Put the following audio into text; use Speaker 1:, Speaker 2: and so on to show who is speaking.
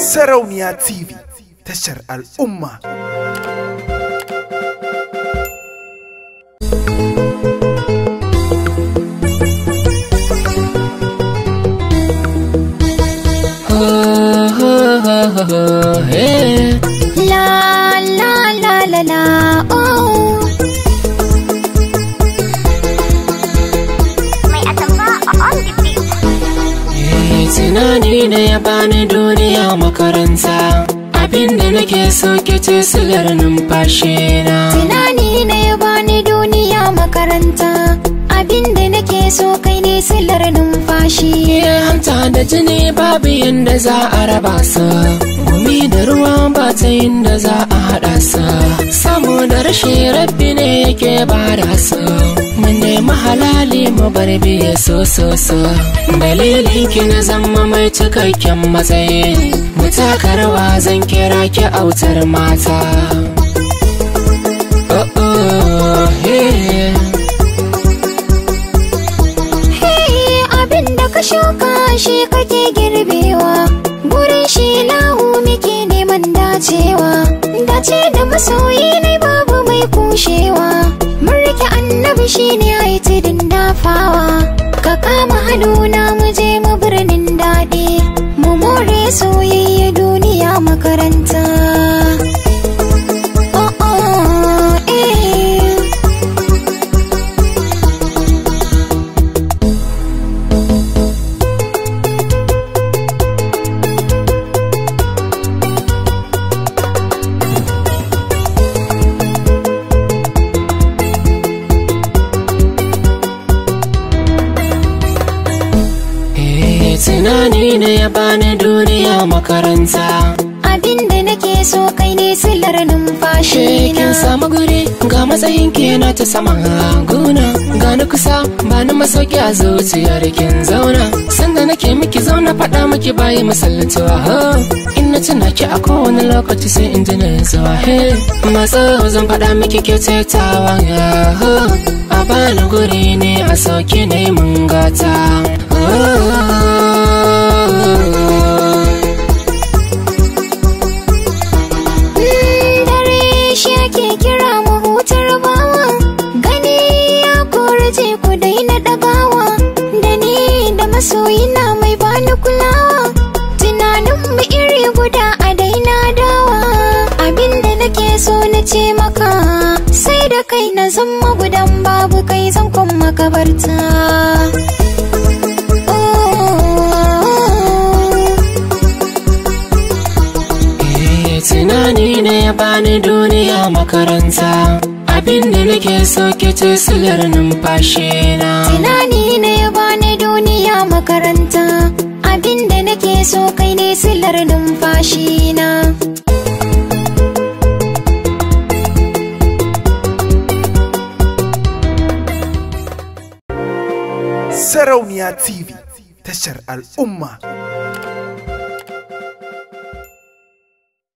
Speaker 1: سرونيا تي في تشر الأمة Hey
Speaker 2: tunani da ya bani duniya makaranta abinda nake so ke ce silar numfashi
Speaker 1: na tunani ne ya bani duniya makaranta abinda nake so kai ne silar numfashi ya hanta da jini babu yanda
Speaker 2: za a raba su gumi da ruwa ba ta yinda za a haɗa su samu da rashin rabbi ne yake ba da su mu bar biye so so so dalilin ki na zama mai cikakken matsayi mu rawa zan kira ki autar mata
Speaker 1: oh oh hey abin da ka shuka shi kake girbewa gurin shi lahu muke neman dacewa dace da masoyi ne babu mai kushewa mun rike annabi shine fawa ka kama hannuna mu je mu birnin daɗi mu more soyayya duniya makaranta
Speaker 2: tunani ne ya bani duniya makaranta abinda nake so kai ne silar numfashi eh, na samu guri ga matsayin kena ta saman haguna ga na kusa ba na masauki a zuciyar kin zauna sanda nake miki zauna faɗa miki bayi masallacewa ha in na tuna ki a kowane lokaci sai in ji na zuwa he matsa zan faɗa miki ke taitawa a bani guri ne a sauki ne mun gata
Speaker 1: masoyi na mai bani kulawa tunanin mu iri guda a daina dawa abinda nake so na ce maka sai da kai na zan magudan babu kai zan kun makabarta
Speaker 2: eh, tunani ne ya bani duniya makaranta abinda nake so ke ce silar numfashi na
Speaker 1: tunani ne ya bani duniya makaranta abinda nake so kai ne silar numfashi na Sarauniya TV tashar al'umma